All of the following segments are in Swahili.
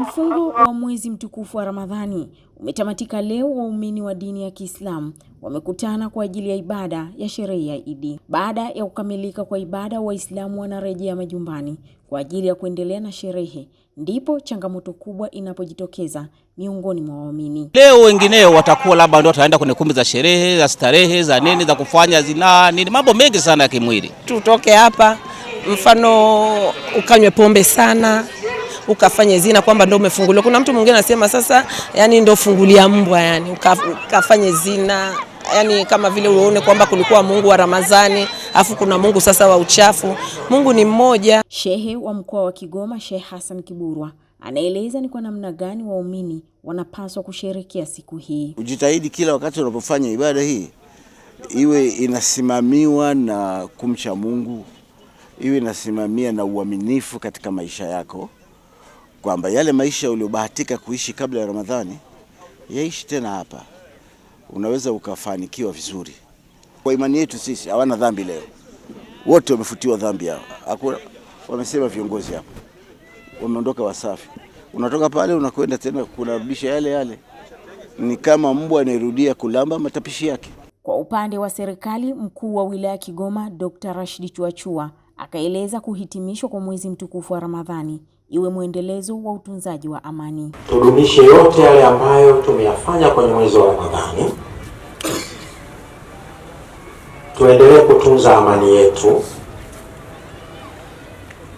Mfungo wa mwezi mtukufu wa Ramadhani umetamatika leo. Waumini wa dini ya Kiislamu wamekutana kwa ajili ya ibada ya sherehe ya Idi. Baada ya kukamilika kwa ibada, Waislamu wanarejea majumbani kwa ajili ya kuendelea na sherehe, ndipo changamoto kubwa inapojitokeza miongoni mwa waumini. Leo wengineo watakuwa labda ndio wataenda kwenye kumbi za sherehe za starehe za nini za kufanya zinaa nini, mambo mengi sana ya kimwili. Tutoke hapa, mfano ukanywe pombe sana ukafanya zina kwamba ndio umefunguliwa. Kuna mtu mwingine anasema sasa, yani ndio fungulia mbwa, yani ukafanye zina yani kama vile uone kwamba kulikuwa Mungu wa Ramadhani afu kuna Mungu sasa wa uchafu. Mungu ni mmoja. Shehe wa mkoa wa Kigoma Sheikh Hassan Kiburwa anaeleza ni kwa namna gani waumini wanapaswa kusherekea siku hii. Ujitahidi kila wakati unapofanya ibada hii iwe inasimamiwa na kumcha Mungu, iwe inasimamia na uaminifu katika maisha yako kwamba yale maisha uliobahatika kuishi kabla ya Ramadhani yaishi tena hapa, unaweza ukafanikiwa vizuri. Kwa imani yetu sisi hawana dhambi leo, wote wamefutiwa dhambi yao. Hakuna, wamesema viongozi hapo, wameondoka wasafi. Unatoka pale unakwenda tena kunarudisha yale yale, ni kama mbwa anayerudia kulamba matapishi yake. Kwa upande wa serikali, mkuu wa wilaya Kigoma Dr. Rashid Chuachua akaeleza kuhitimishwa kwa mwezi mtukufu wa Ramadhani iwe mwendelezo wa utunzaji wa amani. Tudumishe yote yale ambayo tumeyafanya kwenye mwezi wa Ramadhani, tuendelee kutunza amani yetu.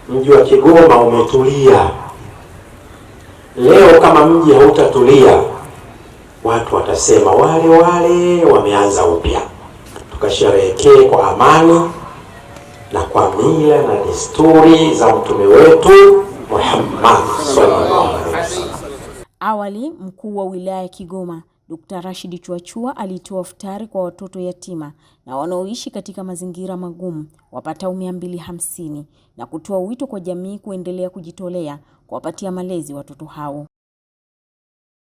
Mji wa Kigoma umetulia leo. Kama mji hautatulia, watu watasema wale wale wameanza upya. Tukasherehekee kwa amani na kwa mila na desturi za mtume wetu Muhammad sallallahu alaihi wasallam. Awali mkuu wa wilaya ya Kigoma Dkt. Rashid Chuachua alitoa futari kwa watoto yatima na wanaoishi katika mazingira magumu wapatao 250 na kutoa wito kwa jamii kuendelea kujitolea kuwapatia malezi watoto hao.